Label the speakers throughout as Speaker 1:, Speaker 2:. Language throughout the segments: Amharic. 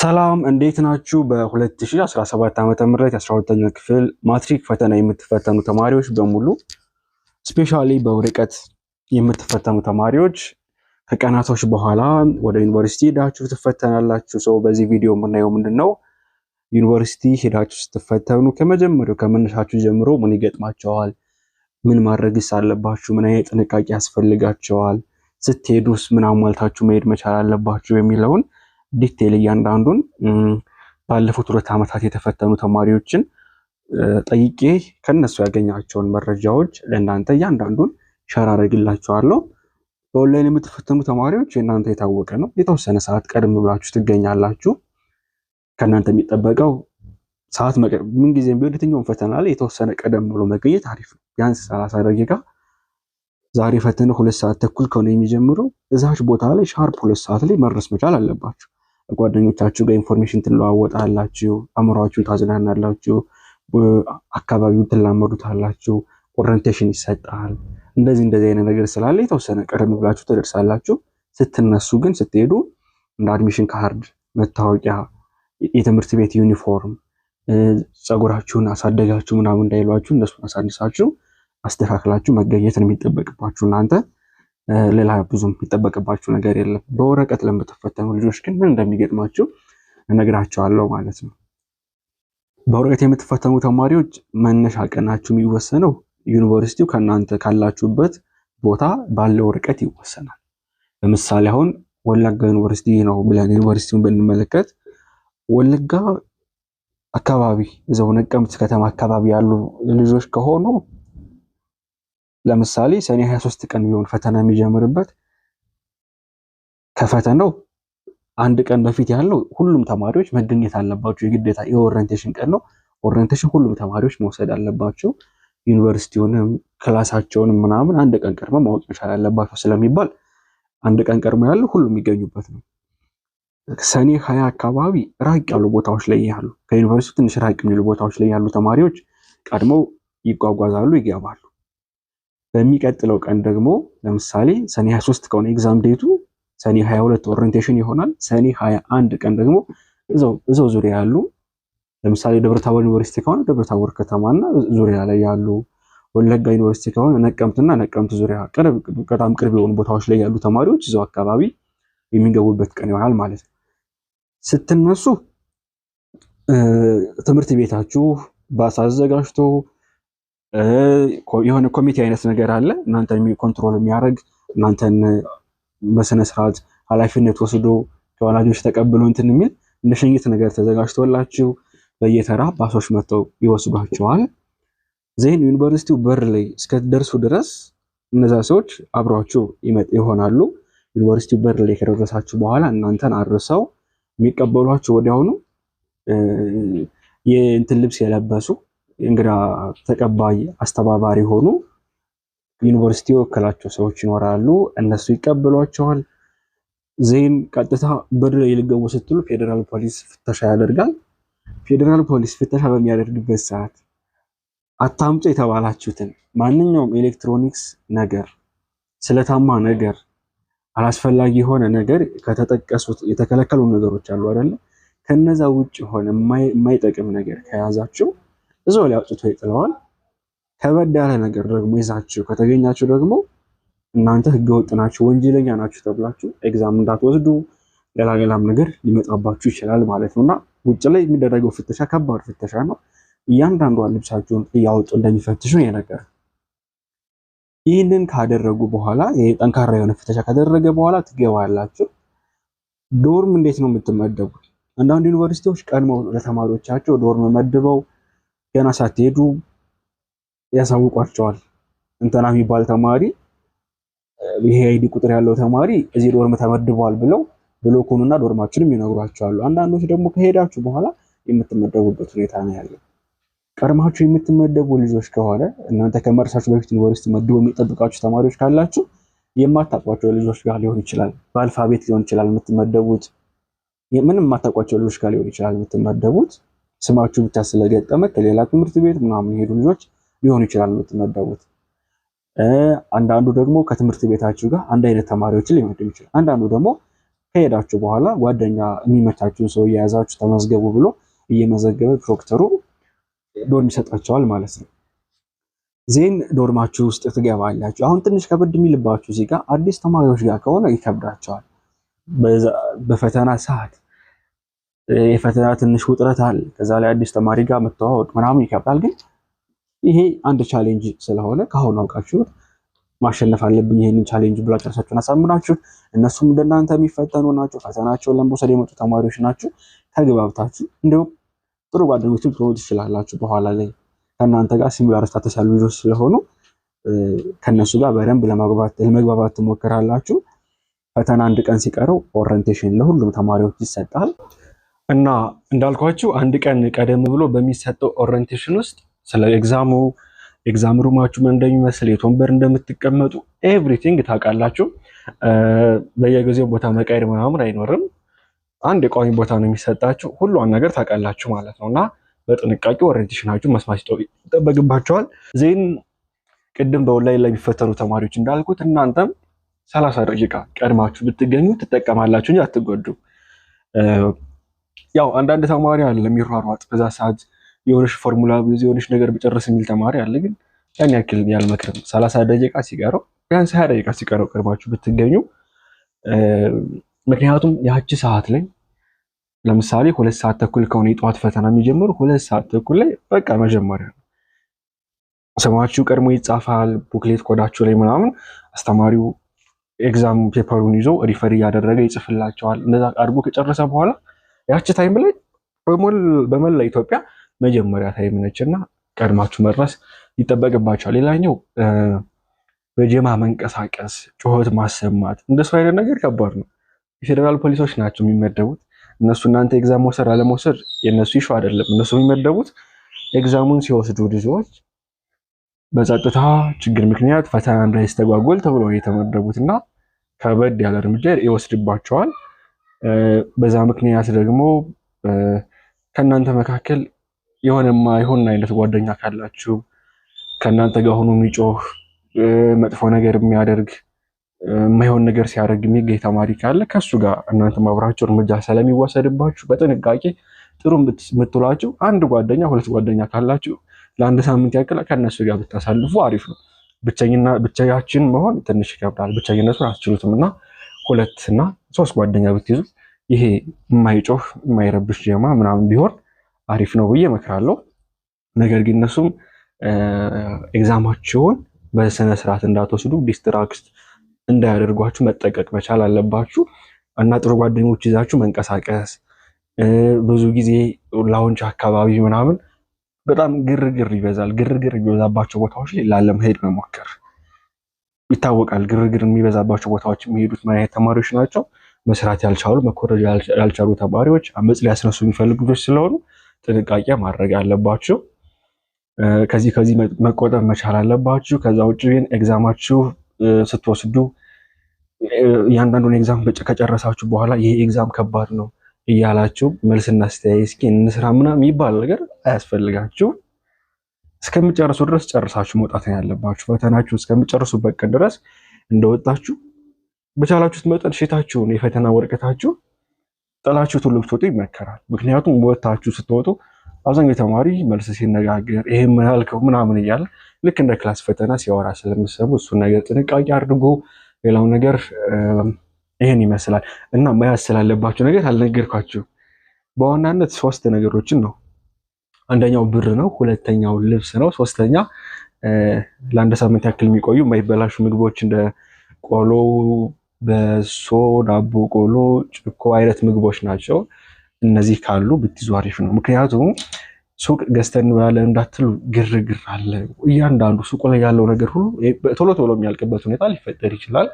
Speaker 1: ሰላም እንዴት ናችሁ? በ2017 ዓ ም 12 ኛ ክፍል ማትሪክ ፈተና የምትፈተኑ ተማሪዎች በሙሉ ስፔሻሊ በርቀት የምትፈተኑ ተማሪዎች ከቀናቶች በኋላ ወደ ዩኒቨርሲቲ ሄዳችሁ ትፈተናላችሁ። ሰው በዚህ ቪዲዮ የምናየው ምንድን ነው ዩኒቨርሲቲ ሄዳችሁ ስትፈተኑ ከመጀመሪያው ከመነሻችሁ ጀምሮ ምን ይገጥማቸዋል፣ ምን ማድረግስ አለባችሁ፣ ምን አይነት ጥንቃቄ ያስፈልጋቸዋል፣ ስትሄዱስ ምን አሟልታችሁ መሄድ መቻል አለባችሁ የሚለውን ዲቴል እያንዳንዱን ባለፉት ሁለት ዓመታት የተፈተኑ ተማሪዎችን ጠይቄ ከነሱ ያገኛቸውን መረጃዎች ለእናንተ እያንዳንዱን ሸር አድርግላችኋለሁ። በኦንላይን የምትፈተኑ ተማሪዎች የእናንተ የታወቀ ነው። የተወሰነ ሰዓት ቀደም ብላችሁ ትገኛላችሁ። ከእናንተ የሚጠበቀው ሰዓት ምንጊዜም ቢሆን የትኛውን ፈተና ላይ የተወሰነ ቀደም ብሎ መገኘት አሪፍ ነው። ቢያንስ ሰላሳ ደቂቃ ዛሬ ፈተነ ሁለት ሰዓት ተኩል ከሆነ የሚጀምረው እዛች ቦታ ላይ ሻርፕ ሁለት ሰዓት ላይ መድረስ መቻል አለባቸው። ጓደኞቻችሁ ጋር ኢንፎርሜሽን ትለዋወጣላችሁ፣ አእምሯችሁን ታዝናናላችሁ፣ አካባቢውን ትላመዱታላችሁ፣ ኦሪንቴሽን ይሰጣል። እንደዚህ እንደዚህ አይነት ነገር ስላለ የተወሰነ ቀደም ብላችሁ ትደርሳላችሁ። ስትነሱ ግን ስትሄዱ እንደ አድሚሽን ካርድ፣ መታወቂያ፣ የትምህርት ቤት ዩኒፎርም፣ ፀጉራችሁን አሳደጋችሁ ምናምን እንዳይሏችሁ እነሱን አሳንሳችሁ አስተካክላችሁ መገኘት ነው የሚጠበቅባችሁ እናንተ ሌላ ብዙም የሚጠበቅባችሁ ነገር የለም። በወረቀት ለምትፈተኑ ልጆች ግን ምን እንደሚገጥማችሁ እነግራቸዋለሁ ማለት ነው። በወረቀት የምትፈተኑ ተማሪዎች መነሻ ቀናችሁ የሚወሰነው ዩኒቨርሲቲው ከእናንተ ካላችሁበት ቦታ ባለው ርቀት ይወሰናል። ለምሳሌ አሁን ወለጋ ዩኒቨርሲቲ ነው ብለን ዩኒቨርሲቲውን ብንመለከት ወለጋ አካባቢ እዛው ነቀምት ከተማ አካባቢ ያሉ ልጆች ከሆኑ ለምሳሌ ሰኔ 23 ቀን ቢሆን ፈተና የሚጀምርበት ከፈተናው አንድ ቀን በፊት ያለው ሁሉም ተማሪዎች መገኘት አለባቸው። የግዴታ የኦሪንቴሽን ቀን ነው። ኦሪንቴሽን ሁሉም ተማሪዎች መውሰድ አለባቸው። ዩኒቨርሲቲውንም ክላሳቸውንም ምናምን አንድ ቀን ቀድመ ማወቅ መቻል አለባቸው ስለሚባል አንድ ቀን ቀድሞ ያለው ሁሉም የሚገኙበት ነው። ሰኔ ሀያ አካባቢ ራቅ ያሉ ቦታዎች ላይ ያሉ ከዩኒቨርሲቲ ትንሽ ራቅ የሚሉ ቦታዎች ላይ ያሉ ተማሪዎች ቀድመው ይጓጓዛሉ፣ ይገባሉ። በሚቀጥለው ቀን ደግሞ ለምሳሌ ሰኔ 23 ከሆነ ኤግዛም ዴቱ ሰኔ 22 ኦሪንቴሽን ይሆናል። ሰኔ 21 ቀን ደግሞ እዛው ዙሪያ ያሉ ለምሳሌ ደብረታቦር ዩኒቨርሲቲ ከሆነ ደብረታቦር ከተማና ዙሪያ ላይ ያሉ፣ ወለጋ ዩኒቨርሲቲ ከሆነ ነቀምትና ነቀምት ዙሪያ በጣም ቅርብ የሆኑ ቦታዎች ላይ ያሉ ተማሪዎች እዛው አካባቢ የሚገቡበት ቀን ይሆናል ማለት ነው። ስትነሱ ትምህርት ቤታችሁ ባስ አዘጋጅቶ የሆነ ኮሚቴ አይነት ነገር አለ። እናንተን ኮንትሮል የሚያደርግ እናንተን በስነስርዓት ኃላፊነት ወስዶ ከወላጆች ተቀብሎ እንትን የሚል እንደ ነገር ተዘጋጅቶላችሁ በየተራ ባሶች መጥተው ይወስዷቸዋል። ዜን ዩኒቨርሲቲው በር ላይ እስከደርሱ ድረስ እነዛ ሰዎች አብሯችሁ ይሆናሉ። ዩኒቨርሲቲው በር ላይ ከደረሳችሁ በኋላ እናንተን አድርሰው የሚቀበሏችሁ ወዲያውኑ የእንትን ልብስ የለበሱ እንግዳ ተቀባይ አስተባባሪ ሆኑ ዩኒቨርሲቲ የወከላቸው ሰዎች ይኖራሉ። እነሱ ይቀበሏቸዋል። ዜን ቀጥታ ብር ሊገቡ ስትሉ ፌዴራል ፖሊስ ፍተሻ ያደርጋል። ፌዴራል ፖሊስ ፍተሻ በሚያደርግበት ሰዓት አታምጡ የተባላችሁትን ማንኛውም ኤሌክትሮኒክስ ነገር፣ ስለታማ ነገር፣ አላስፈላጊ የሆነ ነገር ከተጠቀሱት የተከለከሉ ነገሮች አሉ አይደለ? ከነዛ ውጭ የሆነ የማይጠቅም ነገር ከያዛችሁ እዛው ላይ አውጥቶ ይጥለዋል። ከበድ ያለ ነገር ደግሞ ይዛችሁ ከተገኛችሁ ደግሞ እናንተ ህገወጥ ናችሁ፣ ወንጀለኛ ናችሁ ተብላችሁ ኤግዛም እንዳትወስዱ ሌላ ሌላም ነገር ሊመጣባችሁ ይችላል ማለት ነው እና ውጭ ላይ የሚደረገው ፍተሻ ከባድ ፍተሻ ነው። እያንዳንዷን ልብሳችሁን እያወጡ እንደሚፈትሹ የነገር ይህንን ካደረጉ በኋላ ጠንካራ የሆነ ፍተሻ ካደረገ በኋላ ትገባላችሁ። ዶርም እንዴት ነው የምትመደቡት? አንዳንድ ዩኒቨርሲቲዎች ቀድመው ለተማሪዎቻቸው ዶርም መድበው ገና ሳትሄዱ ያሳውቋቸዋል። እንተና የሚባል ተማሪ ይሄ አይዲ ቁጥር ያለው ተማሪ እዚህ ዶርም ተመድቧል ብለው ብሎኩንና ዶርማችንም ይነግሯቸዋሉ። አንዳንዶች ደግሞ ከሄዳችሁ በኋላ የምትመደቡበት ሁኔታ ነው ያለው። ቀድማችሁ የምትመደቡ ልጆች ከሆነ እናንተ ከመርሳችሁ በፊት ዩኒቨርሲቲ መድቦ የሚጠብቃችሁ ተማሪዎች ካላችሁ የማታውቋቸው ልጆች ጋር ሊሆን ይችላል፣ በአልፋቤት ሊሆን ይችላል የምትመደቡት። ምንም የማታውቋቸው ልጆች ጋር ሊሆን ይችላል የምትመደቡት። ስማችሁ ብቻ ስለገጠመ ከሌላ ትምህርት ቤት ምናምን የሄዱ ልጆች ሊሆኑ ይችላል የምትመደቡት። አንዳንዱ ደግሞ ከትምህርት ቤታችሁ ጋር አንድ አይነት ተማሪዎችን ሊመድብ ይችላል። አንዳንዱ ደግሞ ከሄዳችሁ በኋላ ጓደኛ የሚመቻችሁን ሰው እየያዛችሁ ተመዝገቡ ብሎ እየመዘገበ ፕሮክተሩ ዶርም ይሰጣቸዋል ማለት ነው። ዜን ዶርማችሁ ውስጥ ትገባላችሁ። አሁን ትንሽ ከበድ የሚልባችሁ እዚህ ጋር አዲስ ተማሪዎች ጋር ከሆነ ይከብዳቸዋል በፈተና ሰዓት የፈተና ትንሽ ውጥረት አለ። ከዛ ላይ አዲስ ተማሪ ጋር መተዋወቅ ምናምን ይከብዳል። ግን ይሄ አንድ ቻሌንጅ ስለሆነ ከአሁኑ አውቃችሁት ማሸነፍ አለብኝ ይህንን ቻሌንጅ ብላችሁ ራሳችሁን አሳምናችሁ፣ እነሱም እንደናንተ የሚፈተኑ ናቸው። ፈተናቸውን ለመውሰድ የመጡ ተማሪዎች ናቸው። ተግባብታችሁ እንዲሁም ጥሩ ጓደኞችም ትሆኑ ትችላላችሁ። በኋላ ላይ ከእናንተ ጋር ሲሚላር ስታተስ ያሉ ልጆች ስለሆኑ ከእነሱ ጋር በደንብ ለመግባባት ትሞክራላችሁ። ፈተና አንድ ቀን ሲቀረው ኦሪንቴሽን ለሁሉም ተማሪዎች ይሰጣል። እና እንዳልኳችሁ አንድ ቀን ቀደም ብሎ በሚሰጠው ኦሪንቴሽን ውስጥ ስለ ኤግዛሙ ኤግዛም ሩማችሁ ምን እንደሚመስል የት ወንበር እንደምትቀመጡ ኤቭሪቲንግ ታውቃላችሁ። በየጊዜው ቦታ መቀየር ምናምን አይኖርም። አንድ የቋሚ ቦታ ነው የሚሰጣችሁ። ሁሉን ነገር ታውቃላችሁ ማለት ነው እና በጥንቃቄ ኦሪንቴሽናችሁ መስማት ይጠበቅባችኋል። ዜን ቅድም በኦንላይን ላይ የሚፈተኑ ተማሪዎች እንዳልኩት እናንተም ሰላሳ ደቂቃ ቀድማችሁ ብትገኙ ትጠቀማላችሁ እንጂ አትጎዱም። ያው አንዳንድ ተማሪ አለ የሚሯሯጥ በዛ ሰዓት የሆነሽ ፎርሙላ ብዙ የሆነሽ ነገር ብጨርስ የሚል ተማሪ አለ። ግን ያን ያክል ያልመክርም። ሰላሳ ደቂቃ ሲቀረው ቢያንስ ሀያ ደቂቃ ሲቀረው ቅርባችሁ ብትገኙ፣ ምክንያቱም ያቺ ሰዓት ላይ ለምሳሌ ሁለት ሰዓት ተኩል ከሆነ የጠዋት ፈተና የሚጀምሩ ሁለት ሰዓት ተኩል ላይ በቃ መጀመሪያ ነው ስማችሁ ቀድሞ ይጻፋል። ቡክሌት ኮዳችሁ ላይ ምናምን አስተማሪው ኤግዛም ፔፐሩን ይዞ ሪፈር እያደረገ ይጽፍላቸዋል። እንደዛ አድርጎ ከጨረሰ በኋላ ያቺ ታይም ላይ በመላ ኢትዮጵያ መጀመሪያ ታይም ነች እና ቀድማችሁ መድረስ ይጠበቅባቸዋል። ሌላኛው በጀማ መንቀሳቀስ፣ ጩኸት ማሰማት እንደሱ አይነት ነገር ከባድ ነው። የፌዴራል ፖሊሶች ናቸው የሚመደቡት እነሱ። እናንተ ኤግዛም መውሰድ አለመውሰድ የእነሱ ይሹ አይደለም። እነሱ የሚመደቡት ኤግዛሙን ሲወስዱ ልጆች በጸጥታ ችግር ምክንያት ፈተና እንዳይስተጓጎል ተብሎ የተመደቡት እና ከበድ ያለ እርምጃ ይወስድባቸዋል። በዛ ምክንያት ደግሞ ከእናንተ መካከል የሆነማ የሆን አይነት ጓደኛ ካላችሁ ከእናንተ ጋር ሆኖ የሚጮህ መጥፎ ነገር የሚያደርግ የማይሆን ነገር ሲያደርግ የሚገኝ ተማሪ ካለ ከሱ ጋር እናንተ ማብራችሁ እርምጃ ስለሚወሰድባችሁ በጥንቃቄ ጥሩ የምትሏችሁ አንድ ጓደኛ ሁለት ጓደኛ ካላችሁ ለአንድ ሳምንት ያክል ከእነሱ ጋር ብታሳልፉ አሪፍ ነው። ብቻችን መሆን ትንሽ ይከብዳል። ብቸኝነቱን አስችሉትም እና ሁለት እና ሶስት ጓደኛ ብትይዙ ይሄ የማይጮህ የማይረብሽ ጀማ ምናምን ቢሆን አሪፍ ነው ብዬ እመክራለሁ። ነገር ግን እነሱም ኤግዛማቸውን በስነ ስርዓት እንዳትወስዱ ዲስትራክት እንዳያደርጓችሁ መጠቀቅ መቻል አለባችሁ እና ጥሩ ጓደኞች ይዛችሁ መንቀሳቀስ ብዙ ጊዜ ላውንች አካባቢ ምናምን በጣም ግርግር ይበዛል። ግርግር የሚበዛባቸው ቦታዎች ላይ ላለመሄድ መሞከር ይታወቃል። ግርግር የሚበዛባቸው ቦታዎች የሚሄዱት ምን አይነት ተማሪዎች ናቸው? መስራት ያልቻሉ መኮረጅ ያልቻሉ ተማሪዎች፣ አመፅ ሊያስነሱ የሚፈልጉ ልጆች ስለሆኑ ጥንቃቄ ማድረግ አለባችሁ። ከዚህ ከዚህ መቆጠብ መቻል አለባችሁ። ከዛ ውጭ ግን ኤግዛማችሁ ስትወስዱ እያንዳንዱን ኤግዛም ከጨረሳችሁ በኋላ ይሄ ኤግዛም ከባድ ነው እያላችሁ መልስና አስተያየ እስኪ እንስራ ምናምን የሚባል ነገር አያስፈልጋችሁም። እስከምጨርሱ ድረስ ጨርሳችሁ መውጣት ያለባችሁ። ፈተናችሁ እስከሚጨርሱበት ቀን ድረስ እንደወጣችሁ በቻላችሁት መጠን ሽታችሁን የፈተና ወረቀታችሁ ጥላችሁ ሁሉ ብትወጡ ይመከራል። ምክንያቱም ወጣችሁ ስትወጡ አብዛኛው ተማሪ መልስ ሲነጋገር ይሄ ምን ያልከው ምናምን እያለ ልክ እንደ ክላስ ፈተና ሲያወራ ስለምሰሙ እሱን ነገር ጥንቃቄ አድርጎ ሌላው ነገር ይህን ይመስላል እና መያዝ ስላለባችሁ ነገር አልነገርኳችሁ። በዋናነት ሶስት ነገሮችን ነው አንደኛው ብር ነው፣ ሁለተኛው ልብስ ነው፣ ሶስተኛ ለአንድ ሳምንት ያክል የሚቆዩ የማይበላሹ ምግቦች እንደ ቆሎ፣ በሶ፣ ዳቦ ቆሎ፣ ጭኮ አይነት ምግቦች ናቸው። እነዚህ ካሉ ብትይዙ አሪፍ ነው። ምክንያቱም ሱቅ ገዝተን እንበላለን እንዳትሉ፣ ግርግር አለ። እያንዳንዱ ሱቁ ላይ ያለው ነገር ሁሉ ቶሎ ቶሎ የሚያልቅበት ሁኔታ ሊፈጠር ይችላል።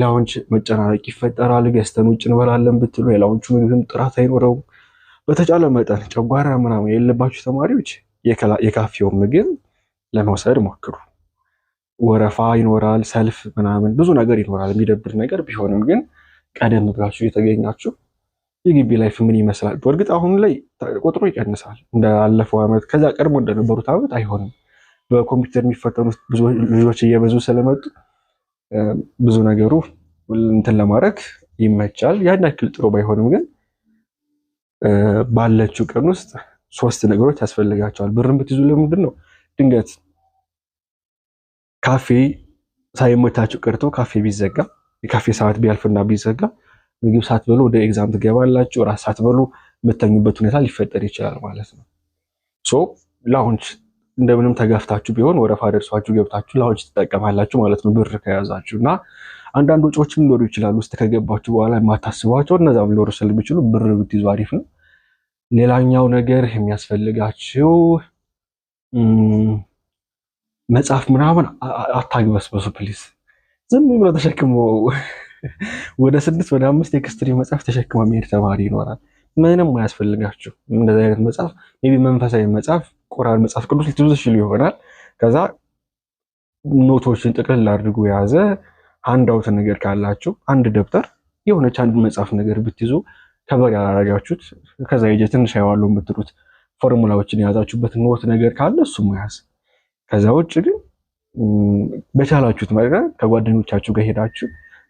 Speaker 1: ላውንች መጨናነቅ ይፈጠራል። ገዝተን ውጭ እንበላለን ብትሉ የላውንቹ ምግብም ጥራት አይኖረውም። በተጫለ መጠን ጨጓራ ምናምን የሌለባችሁ ተማሪዎች የካፌውን ምግብ ለመውሰድ ሞክሩ። ወረፋ ይኖራል፣ ሰልፍ ምናምን ብዙ ነገር ይኖራል፣ የሚደብር ነገር ቢሆንም ግን ቀደም ብላችሁ የተገኛችሁ የግቢ ላይፍ ምን ይመስላል? በእርግጥ አሁን ላይ ቁጥሩ ይቀንሳል። እንዳለፈው ዓመት ከዛ ቀድሞ እንደነበሩት ዓመት አይሆንም። በኮምፒውተር የሚፈተኑ ልጆች እየበዙ ስለመጡ ብዙ ነገሩ እንትን ለማድረግ ይመቻል። ያን ያክል ጥሩ ባይሆንም ግን ባለችው ቀን ውስጥ ሶስት ነገሮች ያስፈልጋቸዋል። ብርን ብትይዙ ለምንድን ነው ድንገት ካፌ ሳይመቻችሁ ቀርቶ ካፌ ቢዘጋ የካፌ ሰዓት ቢያልፍና ቢዘጋ ምግብ ሳትበሉ ወደ ኤግዛም ትገባላችሁ። ራት ሳትበሉ የምተኙበት ሁኔታ ሊፈጠር ይችላል ማለት ነው። ሶ ላውንች እንደምንም ተጋፍታችሁ ቢሆን ወረፋ ደርሷችሁ ገብታችሁ ላውንች ትጠቀማላችሁ ማለት ነው ብር ከያዛችሁ እና አንዳንድ ወጪዎችም ሊኖሩ ይችላሉ። ውስጥ ከገባችሁ በኋላ የማታስቧቸው እነዛም ሊኖሩ ስለሚችሉ ብር ብትይዙ አሪፍ ነው። ሌላኛው ነገር የሚያስፈልጋችሁ መጽሐፍ ምናምን አታግበስበሱ ፕሊስ። ዝም ብሎ ተሸክሞ ወደ ስድስት ወደ አምስት ኤክስትሪ መጽሐፍ ተሸክሞ የሚሄድ ተማሪ ይኖራል። ምንም አያስፈልጋችሁ እንደዚህ አይነት መጽሐፍ ቢ መንፈሳዊ መጽሐፍ ቁራን፣ መጽሐፍ ቅዱስ ልትይዙ ትችሉ ይሆናል። ከዛ ኖቶችን ጥቅልል አድርጎ የያዘ አንድ አውት ነገር ካላችሁ አንድ ደብተር የሆነች አንድ መጽሐፍ ነገር ብትይዙ ከበር ያላረጋችሁት ከዛ ይጀ ትንሽ አየዋለሁ የምትሉት ፎርሙላዎችን የያዛችሁበት ኖት ነገር ካለ እሱ መያዝ። ከዛ ውጭ ግን በቻላችሁት መ ከጓደኞቻችሁ ጋር ሄዳችሁ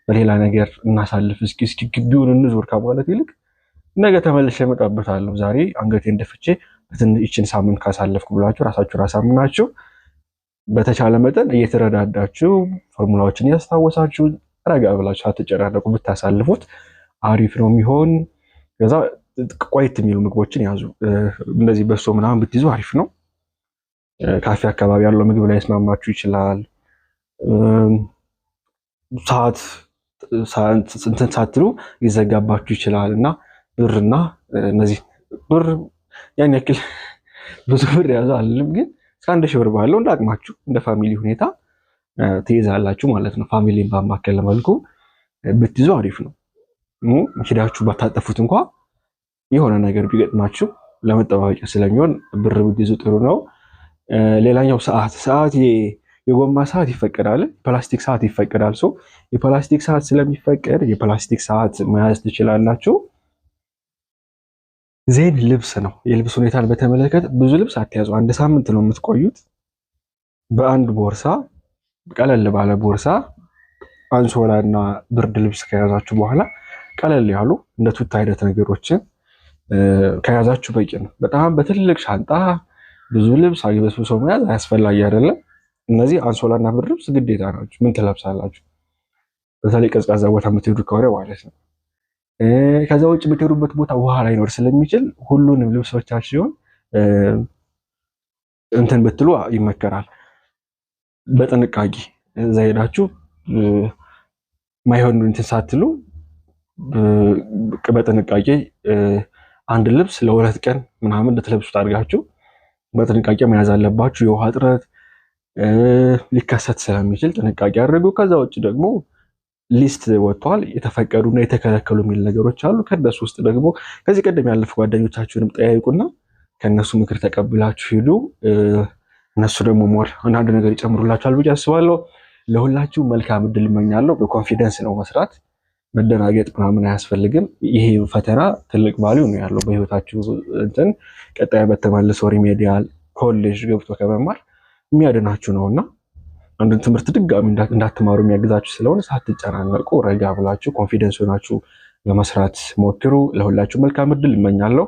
Speaker 1: በሌላ ነገር እናሳልፍ እስኪ እስኪ ግቢውን እንዞር ከማለት ይልቅ ነገ ተመልሼ እመጣበታለሁ ዛሬ አንገቴን ደፍቼ በትን ይችን ሳምንት ካሳለፍኩ ብላችሁ ራሳችሁ ራሳምናችሁ በተቻለ መጠን እየተረዳዳችሁ ፎርሙላዎችን እያስታወሳችሁ ረጋ ብላችሁ ሳትጨናነቁ ብታሳልፉት አሪፍ ነው የሚሆን። ከዛ ቆየት የሚሉ ምግቦችን ያዙ። እንደዚህ በሶ ምናምን ብትይዙ አሪፍ ነው። ካፌ አካባቢ ያለው ምግብ ላይ ስማማችሁ ይችላል። ሰዓት ሳትሉ ሊዘጋባችሁ ይችላል እና ብርና እነዚህ ብር ያን ያክል ብዙ ብር ያዘ አልልም ግን ከአንድ ሺህ ብር ባለው እንደ አቅማችሁ እንደ ፋሚሊ ሁኔታ ትይዛላችሁ ማለት ነው። ፋሚሊን ባማከለ መልኩ ብትይዙ አሪፍ ነው። ሂዳችሁ ባታጠፉት እንኳ የሆነ ነገር ቢገጥማችሁ ለመጠባበቂያ ስለሚሆን ብር ብትይዙ ጥሩ ነው። ሌላኛው ሰዓት ሰዓት የጎማ ሰዓት ይፈቀዳል፣ ፕላስቲክ ሰዓት ይፈቀዳል። ሶ የፕላስቲክ ሰዓት ስለሚፈቀድ የፕላስቲክ ሰዓት መያዝ ትችላላችሁ። ዜን ልብስ ነው። የልብስ ሁኔታን በተመለከተ ብዙ ልብስ አትያዙ። አንድ ሳምንት ነው የምትቆዩት። በአንድ ቦርሳ፣ ቀለል ባለ ቦርሳ አንሶላ እና ብርድ ልብስ ከያዛችሁ በኋላ ቀለል ያሉ እንደ ቱታ አይነት ነገሮችን ከያዛችሁ በቂ ነው። በጣም በትልቅ ሻንጣ ብዙ ልብስ አግበስብሶ መያዝ አያስፈላጊ አይደለም። እነዚህ አንሶላና ብርድ ልብስ ግዴታ ናቸው። ምን ትለብሳላችሁ? በተለይ ቀዝቃዛ ቦታ የምትሄዱ ከሆነ ማለት ነው። ከዛ ውጭ የምትሄዱበት ቦታ ውሃ ላይኖር ስለሚችል ሁሉንም ልብሶቻችሁ ሲሆን እንትን ብትሉ ይመከራል። በጥንቃቄ እዛ ሄዳችሁ ማይሆን እንትን ሳትሉ በጥንቃቄ አንድ ልብስ ለሁለት ቀን ምናምን ልትለብሱት አድርጋችሁ በጥንቃቄ መያዝ አለባችሁ። የውሃ እጥረት ሊከሰት ስለሚችል ጥንቃቄ አድርጉ። ከዛ ውጭ ደግሞ ሊስት ወጥተዋል። የተፈቀዱና የተከለከሉ የሚል ነገሮች አሉ። ከነሱ ውስጥ ደግሞ ከዚህ ቀደም ያለፉ ጓደኞቻችሁንም ጠያይቁና ከእነሱ ምክር ተቀብላችሁ ሂዱ። እነሱ ደግሞ ሞር አንዳንድ ነገር ይጨምሩላችኋል ብዬ አስባለሁ። ለሁላችሁ መልካም እድል እመኛለሁ። በኮንፊደንስ ነው መስራት፣ መደናገጥ ምናምን አያስፈልግም። ይሄ ፈተና ትልቅ ቫሊዩ ነው ያለው በህይወታችሁ እንትን ቀጣይ በተመልሶ ሪሜዲያል ኮሌጅ ገብቶ ከመማር የሚያድናችሁ ነውና አንዱን ትምህርት ድጋሚ እንዳትማሩ የሚያግዛችሁ ስለሆነ ሳትጨናነቁ ረጋ ብላችሁ ኮንፊደንስ ሆናችሁ ለመስራት ሞክሩ። ለሁላችሁ መልካም እድል ይመኛለሁ።